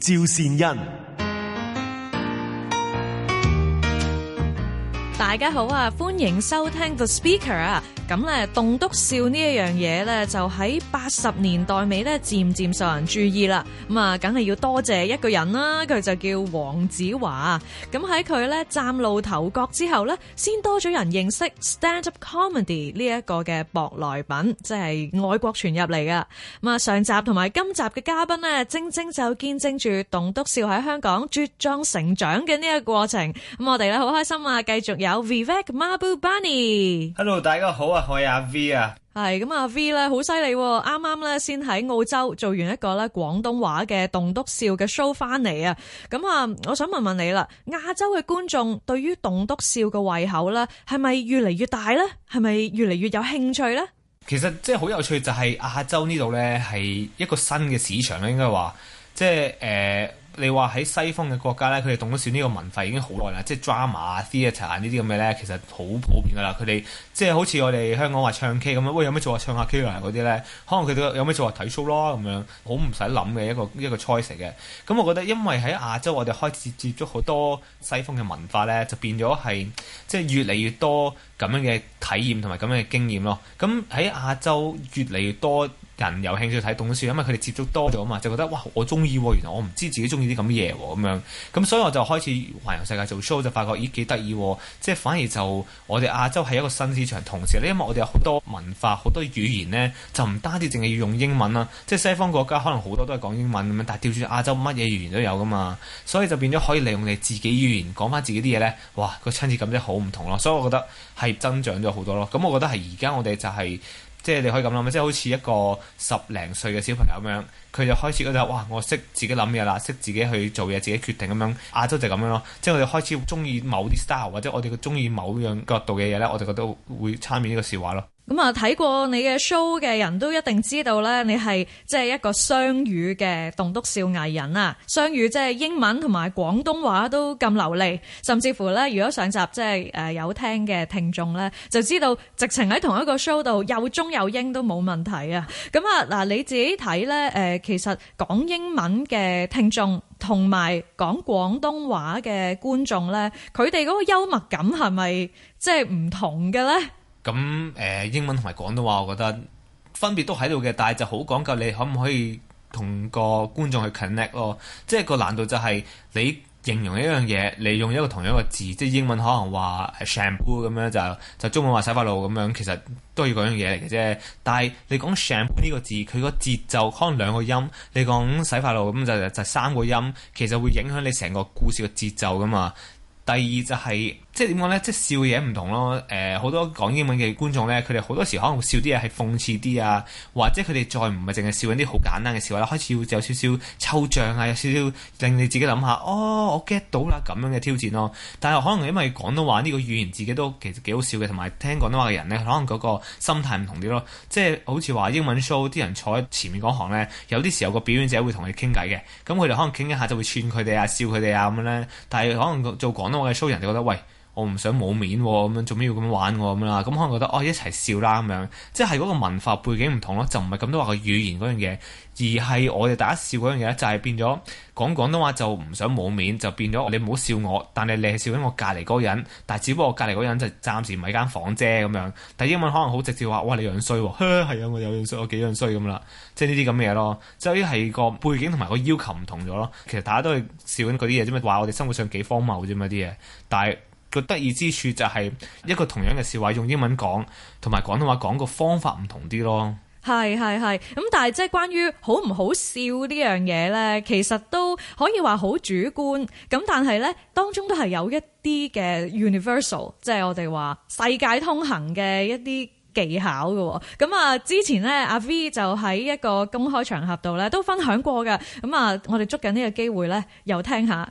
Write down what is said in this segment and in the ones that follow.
趙善恩，大家好啊，歡迎收聽 The Speaker 啊。咁咧，棟篤笑呢一樣嘢咧，就喺八十年代尾咧，漸漸受人注意啦。咁啊，梗係要多謝一個人啦，佢就叫黃子華。咁喺佢咧嶄露頭角之後咧，先多咗人認識 stand up comedy 呢一個嘅舶來品，即係外國傳入嚟嘅。咁啊，上集同埋今集嘅嘉賓咧，正正就見證住棟篤笑喺香港茁壯成長嘅呢個過程。咁我哋咧好開心啊，繼續有 Vivek Mahbubani。Hello，大家好。喂，我 v. 阿 V 啊，係咁阿 v 咧好犀利，啱啱咧先喺澳洲做完一個咧廣東話嘅棟篤笑嘅 show 翻嚟啊，咁啊，我想問問你啦，亞洲嘅觀眾對於棟篤笑嘅胃口咧，係咪越嚟越大咧？係咪越嚟越有興趣咧？其實即係好有趣，就是，就係亞洲呢度咧，係一個新嘅市場啦，應該話即係誒。呃你話喺西方嘅國家咧，佢哋懂得少呢個文化已經好耐啦，即係 drama、theatre 呢啲咁嘅咧，其實好普遍噶啦。佢哋即係好似我哋香港唱 K，話唱 K 咁樣，喂有咩做啊？唱下 K 啊嗰啲咧，可能佢哋有咩做啊？睇 show 咯咁樣，好唔使諗嘅一個一個 choice 嘅。咁我覺得因為喺亞洲，我哋開始接觸好多西方嘅文化咧，就變咗係即係越嚟越多咁樣嘅體驗同埋咁樣嘅經驗咯。咁喺亞洲越嚟越多人有興趣睇棟篤笑，因為佢哋接觸多咗嘛，就覺得哇，我中意喎！原來我唔知自己中意啲咁嘅嘢喎，咁樣，咁所以我就開始環遊世界做 show，就發覺咦幾得意喎！即係反而就我哋亞洲係一個新市場，同時咧，因為我哋有好多文化、好多語言呢，就唔單止淨係要用英文啦，即係西方國家可能好多都係講英文咁樣，但係調轉亞洲乜嘢語言都有噶嘛，所以就變咗可以利用你自己語言講翻自己啲嘢呢。哇，個親切感真係好唔同咯，所以我覺得係增長咗好多咯。咁我覺得係而家我哋就係。即係你可以咁諗，即係好似一個十零歲嘅小朋友咁樣，佢就開始覺得：「哇！我識自己諗嘢啦，識自己去做嘢，自己決定咁樣。亞洲就咁樣咯，即係我哋開始中意某啲 style，或者我哋嘅中意某樣角度嘅嘢咧，我哋覺得會參與呢個笑話咯。咁啊，睇過你嘅 show 嘅人都一定知道咧，你係即係一個雙語嘅棟篤笑藝人啊！雙語即係英文同埋廣東話都咁流利，甚至乎咧，如果上集即係誒有聽嘅聽眾咧，就知道直情喺同一個 show 度又中有英都冇問題啊！咁啊，嗱你自己睇咧誒，其實講英文嘅聽眾同埋講廣東話嘅觀眾咧，佢哋嗰個幽默感係咪即係唔同嘅咧？咁誒、嗯、英文同埋廣東話，我覺得分別都喺度嘅，但係就好講究你可唔可以同個觀眾去 connect 咯。即係個難度就係你形容一樣嘢，你用一個同樣嘅字，即係英文可能話 shampoo 咁樣就就中文話洗髮露咁樣，其實都係嗰樣嘢嚟嘅啫。但係你講 shampoo 呢個字，佢個節奏可能兩個音，你講洗髮露咁就、就、三個音，其實會影響你成個故事嘅節奏噶嘛。第二就係、係。即係點講咧？即係、就是、笑嘢唔同咯。誒、呃，好多講英文嘅觀眾咧，佢哋好多時可能會笑啲嘢係諷刺啲啊，或者佢哋再唔係淨係笑緊啲好簡單嘅笑話啦，開始會有少少抽象啊，有少少令你自己諗下，哦，我 get 到啦咁樣嘅挑戰咯。但係可能因為廣東話呢個語言自己都其實幾好笑嘅，同埋聽廣東話嘅人咧，可能嗰個心態唔同啲咯。即係好似話英文 show 啲人坐喺前面嗰行咧，有啲時候個表演者會同你傾偈嘅，咁佢哋可能傾一下就會串佢哋啊、笑佢哋啊咁樣咧。但係可能做廣東話嘅 show 人就覺得，喂～我唔想冇面喎，咁樣做咩要咁樣玩我咁啦？咁可能覺得哦，一齊笑啦咁樣，即係嗰個文化背景唔同咯，就唔係咁多話個語言嗰樣嘢，而係我哋大家笑嗰樣嘢咧，就係、是、變咗講廣東話就唔想冇面，就變咗你唔好笑我，但係你係笑緊我隔離嗰個人，但係只不過我隔離嗰人就暫時唔係間房啫咁樣。但係英文可能好直接話，哇你樣衰喎，係啊我有樣衰，我幾樣衰咁啦，即係呢啲咁嘅嘢咯。即係啲係個背景同埋個要求唔同咗咯。其實大家都係笑緊嗰啲嘢啫嘛，話我哋生活上幾荒謬啫啲嘢，但係。個得意之處就係一個同樣嘅笑話，用英文講同埋廣東話講個方法唔同啲咯。係係係，咁但係即係關於好唔好笑呢樣嘢咧，其實都可以話好主觀。咁但係咧，當中都係有一啲嘅 universal，即係我哋話世界通行嘅一啲技巧㗎喎。咁啊，之前咧阿 V 就喺一個公開場合度咧都分享過㗎。咁啊，我哋捉緊呢個機會咧，又聽下。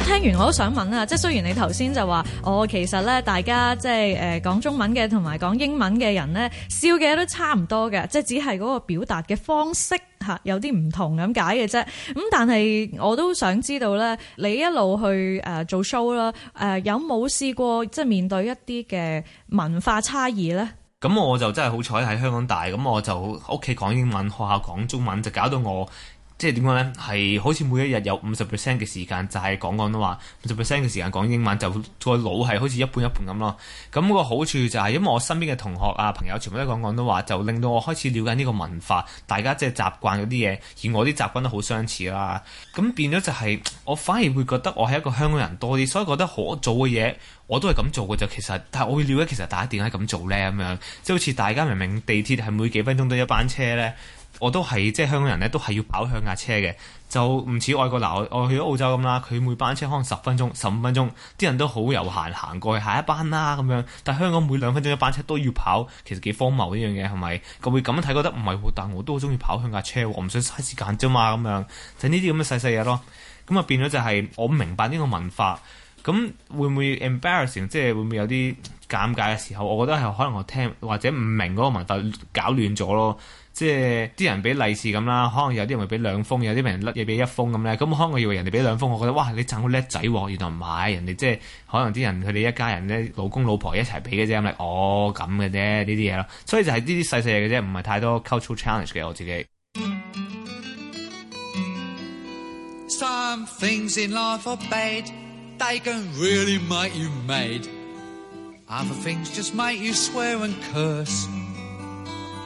聽完我都想問啊。即係雖然你頭先就話，我、哦、其實咧，大家即係誒講中文嘅同埋講英文嘅人咧，笑嘅都差唔多嘅，即係只係嗰個表達嘅方式嚇有啲唔同咁解嘅啫。咁但係我都想知道咧，你一路去誒做 show 啦、呃，誒有冇試過即係面對一啲嘅文化差異咧？咁我就真係好彩喺香港大，咁我就屋企講英文，學校講中文，就搞到我。即係點講咧？係好似每一日有五十 percent 嘅時間就係講廣東話，五十 percent 嘅時間講英文就個腦係好似一半一半咁咯。咁個好處就係因為我身邊嘅同學啊朋友全部都講廣東話，就令到我開始了解呢個文化，大家即係習慣嗰啲嘢，而我啲習慣都好相似啦。咁變咗就係我反而會覺得我係一個香港人多啲，所以覺得好早嘅嘢我都係咁做嘅就其實，但係我會瞭解其實大家點解咁做咧咁樣，即係好似大家明明地鐵係每幾分鐘都一班車咧。我都係即係香港人咧，都係要跑響架車嘅，就唔似外國嗱。我去咗澳洲咁啦，佢每班車可能十分鐘、十五分鐘，啲人都好悠閒行過去下一班啦、啊、咁樣。但係香港每兩分鐘一班車都要跑，其實幾荒謬呢樣嘢係咪？佢會咁樣睇覺得唔係好，但我都好中意跑響架車，我唔想嘥時間啫嘛咁樣。就呢啲咁嘅細細嘢咯。咁啊變咗就係、是、我唔明白呢個文化，咁會唔會 embarrassing，即係會唔會有啲尷尬嘅時候？我覺得係可能我聽或者唔明嗰個文化搞亂咗咯。即係啲人俾利是咁啦，可能有啲人會俾兩封，有啲人甩，又俾一封咁咧。咁我可能我以為人哋俾兩封，我覺得哇，你賺好叻仔喎。原來唔係，人哋即係可能啲人佢哋一家人咧，老公老婆一齊俾嘅啫。咁啊，哦咁嘅啫呢啲嘢咯。所以就係呢啲細細嘅啫，唔係太多 cultural challenge 嘅。我自己。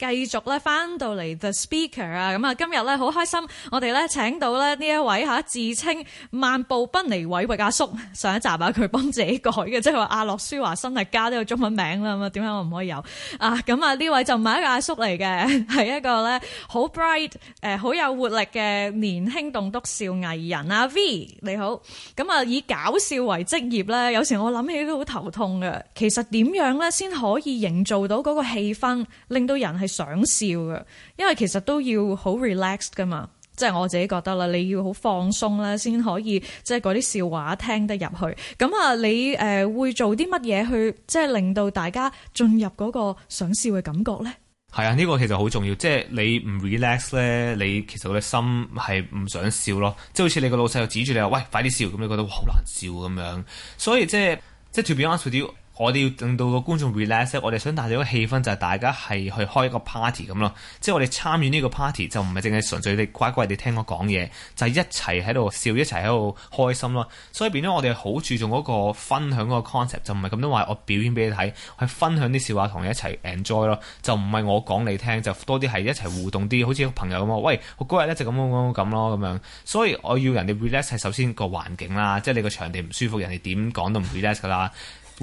繼續咧翻到嚟 The Speaker 啊，咁啊今日咧好開心，我哋咧請到咧呢一位嚇，自稱漫步不離偉域阿叔。上一集啊，佢幫自己改嘅，即係話阿諾舒華辛係加呢個中文名啦。咁啊，點解我唔可以有啊？咁啊呢位就唔係一個阿叔嚟嘅，係一個咧好 bright 誒，好有活力嘅年輕棟篤笑藝人阿 V。你好，咁啊以搞笑為職業啦。有時我諗起都好頭痛嘅，其實點樣咧先可以營造到嗰個氣氛，令到人係想笑嘅，因為其實都要好 relaxed 噶嘛，即係我自己覺得啦，你要好放鬆咧，先可以即係嗰啲笑話聽得入去。咁啊，你、呃、誒會做啲乜嘢去即係令到大家進入嗰個想笑嘅感覺咧？係啊，呢個其實好重要，即係你唔 relaxed 咧，你其實個心係唔想笑咯。即係好似你個老細又指住你話，喂，快啲笑，咁你覺得好難笑咁樣。所以即係即係，to be 我哋要令到觀眾個觀眾 relax 我哋想帶你個氣氛就係大家係去開一個 party 咁咯。即係我哋參與呢個 party 就唔係淨係純粹地乖乖哋聽我講嘢，就係一齊喺度笑，一齊喺度開心咯。所以變咗我哋好注重嗰個分享嗰個 concept，就唔係咁多話我表演俾你睇，去分享啲笑話同你一齊 enjoy 咯。就唔係我講你聽，就多啲係一齊互動啲，好似朋友咁啊。喂，我嗰日一直咁咁咁咯咁樣。所以我要人哋 relax 係首先個環境啦，即係你個場地唔舒服，人哋點講都唔 relax 噶啦。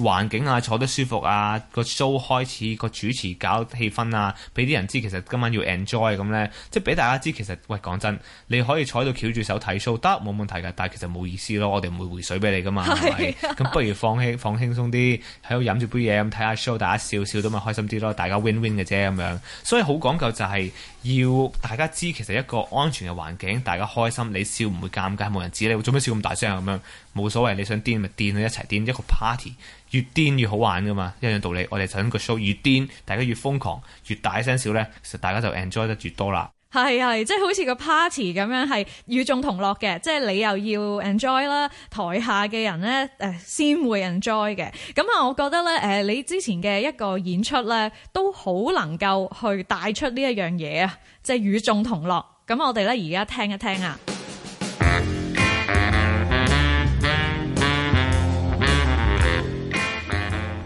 環境啊，坐得舒服啊，個 show 開始個主持搞氣氛啊，俾啲人知其實今晚要 enjoy 咁咧，即係俾大家知其實，喂講真，你可以坐喺度，翹住手睇 show 得冇問題嘅，但係其實冇意思咯，我哋唔會回水俾你噶嘛，係咪？咁不如放輕放輕鬆啲，喺度飲住杯嘢咁睇下 show，大家笑笑都咪開心啲咯，大家 win win 嘅啫咁樣，所以好講究就係要大家知其實一個安全嘅環境，大家開心，你笑唔會尷尬，冇人知你會做咩笑咁大聲啊咁樣，冇所謂，你想癲咪癲一齊癲一個 party。越癲越好玩㗎嘛，一樣道理。我哋想個 show，越癲大家越瘋狂，越大聲少咧，其實大家就 enjoy 得越多啦。係係，即係好似個 party 咁樣，係與眾同樂嘅。即係你又要 enjoy 啦，台下嘅人咧誒、呃、先會 enjoy 嘅。咁啊，我覺得咧誒，你之前嘅一個演出咧，都好能夠去帶出呢一樣嘢啊，即係與眾同樂。咁我哋咧而家聽一聽啊。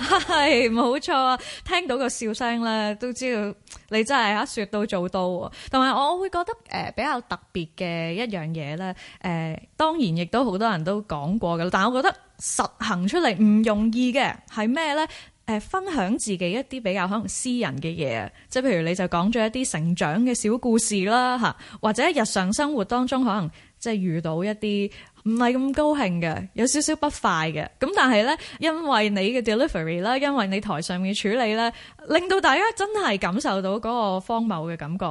係冇錯啊！聽到個笑聲咧，都知道你真係嚇說到做到喎。同埋我會覺得誒比較特別嘅一樣嘢咧，誒、呃、當然亦都好多人都講過嘅，但係我覺得實行出嚟唔容易嘅係咩咧？誒、呃、分享自己一啲比較可能私人嘅嘢，即係譬如你就講咗一啲成長嘅小故事啦，嚇或者日常生活當中可能即係遇到一啲。唔係咁高興嘅，有少少不快嘅。咁但係咧，因為你嘅 delivery 啦，因為你台上面嘅處理咧，令到大家真係感受到嗰個荒謬嘅感覺。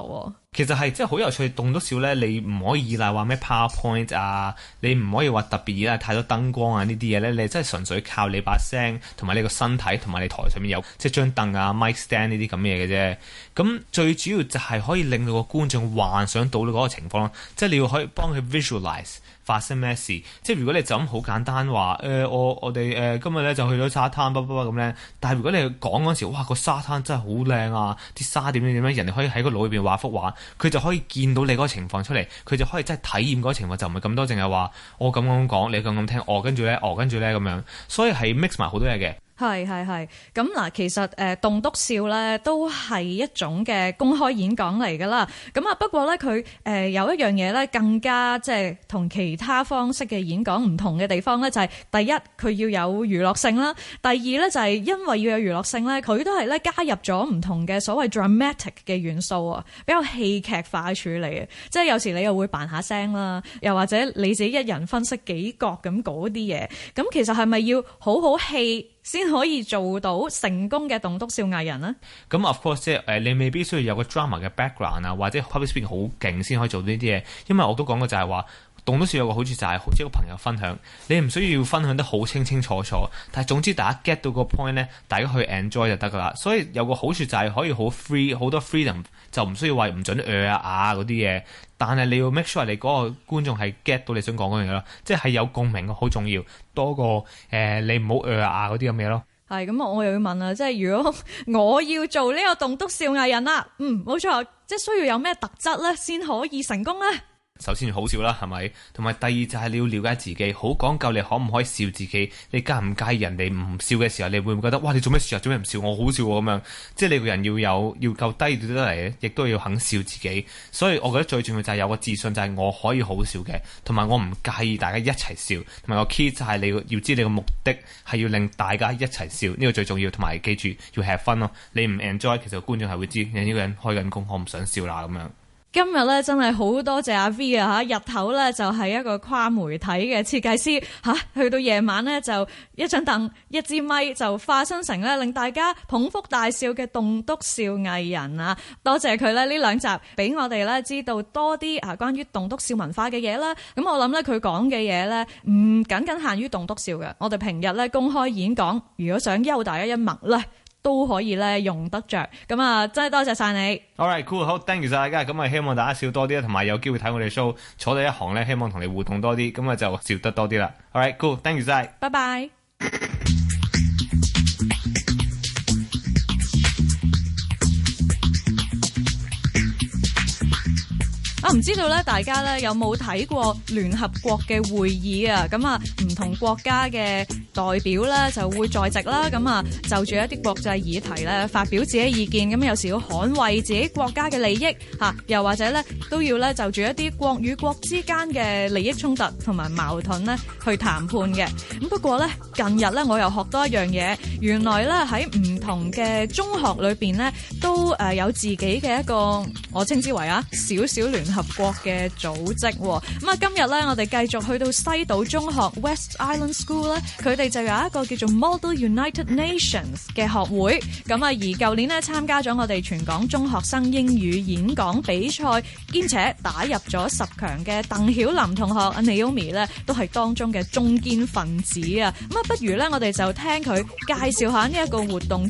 其實係即係好有趣，動得少咧，你唔可以依賴話咩 PowerPoint 啊，你唔可以話特別依太多燈光啊呢啲嘢咧，你真係純粹靠你把聲同埋你個身體同埋你台上面有即係張凳啊、mic stand 呢啲咁嘢嘅啫。咁最主要就係可以令到個觀眾幻想到你嗰個情況，即係你要可以幫佢 visualize 發生咩事。即係如果你就咁好簡單話，誒、呃、我我哋誒、呃、今日咧就去咗沙灘，噉噉噉咧。但係如果你講嗰陣時，哇個沙灘真係好靚啊，啲沙點點點，人哋可以喺個腦裏邊畫幅畫。佢就可以見到你嗰個情況出嚟，佢就可以真係體驗嗰個情況，就唔係咁多，淨係話我咁咁講，你咁咁聽，我、哦、跟住咧，我、哦、跟住咧咁樣，所以係 mix 埋好多嘢嘅。係係係，咁嗱，其實誒棟篤笑咧都係一種嘅公開演講嚟㗎啦。咁啊，不過咧佢誒有一樣嘢咧更加即係同其他方式嘅演講唔同嘅地方咧，就係第一佢要有娛樂性啦。第二咧就係因為要有娛樂性咧，佢都係咧加入咗唔同嘅所謂 dramatic 嘅元素啊，比較戲劇化處理啊。即係有時你又會扮下聲啦，又或者你自己一人分析幾角咁講啲嘢。咁其實係咪要好好戲，先可以做到成功嘅棟篤笑藝人咧？咁 of course 即係誒，你未必需要有個 drama 嘅 background 啊，或者 public speaking 好勁先可以做呢啲嘢。因為我都講過就係話。棟篤笑有個好處就係好似個朋友分享，你唔需要分享得好清清楚楚，但係總之大家 get 到個 point 咧，大家去 enjoy 就得噶啦。所以有個好處就係可以好 free，好多 freedom 就唔需要話唔准 air、呃、啊嗰啲嘢，但係你要 make sure 你嗰個觀眾係 get 到你想講嗰樣嘢咯，即係有共鳴好重要，多過誒、呃、你唔好 air 啊嗰啲咁嘢咯。係咁，我又要問啦，即係如果我要做呢個棟篤笑藝人啦，嗯，冇錯，即係需要有咩特質咧，先可以成功咧？首先要好笑啦，係咪？同埋第二就係你要了解自己，好講究你可唔可以笑自己？你介唔介意人哋唔笑嘅時候，你會唔會覺得哇，你做咩事啊？做咩唔笑？我好笑喎、哦、咁樣。即係你個人要有要夠低調得嚟，亦都要肯笑自己。所以，我覺得最重要就係有個自信，就係、是、我可以好笑嘅。同埋我唔介意大家一齊笑。同埋個 key 就係你要知你個目的係要令大家一齊笑，呢、這個最重要。同埋記住要 have fun 咯。你唔 enjoy，其實觀眾係會知你呢個人開緊工，我唔想笑啦咁樣。今日咧真係好多謝阿 V 啊。嚇，日頭咧就係一個跨媒體嘅設計師嚇、啊，去到夜晚咧就一張凳一支咪就化身成咧令大家捧腹大笑嘅棟篤笑藝人啊！多謝佢咧呢兩集俾我哋咧知道多啲啊關於棟篤笑文化嘅嘢啦。咁、啊、我諗咧佢講嘅嘢咧唔僅僅限於棟篤笑嘅，我哋平日咧公開演講，如果想休大家一晚咧，都可以咧用得着，咁啊真係多謝晒你。All right, cool，好，thank you 曬，咁啊希望大家笑多啲，同埋有機會睇我哋 show，坐第一行咧，希望同你互動多啲，咁啊就笑得多啲啦。All right, cool，thank you 曬，拜拜。唔知道咧，大家咧有冇睇過聯合國嘅會議啊？咁啊，唔同國家嘅代表咧就會在席啦。咁啊，就住一啲國際議題咧發表自己意見。咁有時要捍衛自己國家嘅利益，吓，啊，又或者咧都要咧就住一啲國與國之間嘅利益衝突同埋矛盾咧去談判嘅。咁不過咧，近日咧我又學多一樣嘢，原來咧喺唔同嘅中學裏邊咧，都誒有自己嘅一個我稱之為啊小小聯合國嘅組織，咁啊，今日咧，我哋繼續去到西島中學 West Island School 咧，佢哋就有一個叫做 Model United Nations 嘅學會，咁啊，而舊年咧參加咗我哋全港中學生英語演講比賽，兼且打入咗十強嘅鄧曉琳同學阿 Naomi 咧，Naomi，都係當中嘅中堅分子啊！咁啊，不如咧，我哋就聽佢介紹下呢一個活動。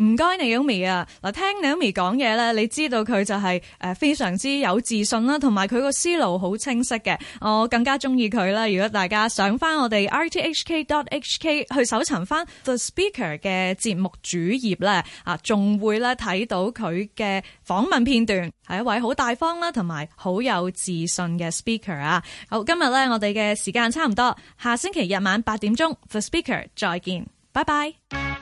唔該，Naomi 啊！嗱，聽 Naomi 講嘢咧，你知道佢就係誒非常之有自信啦，同埋佢個思路好清晰嘅。我更加中意佢啦！如果大家上翻我哋 rthk.hk 去搜尋翻 The Speaker 嘅節目主頁咧，啊，仲會咧睇到佢嘅訪問片段，係一位好大方啦，同埋好有自信嘅 Speaker 啊！好，今日咧我哋嘅時間差唔多，下星期日晚八點鐘 The Speaker 再見，拜拜。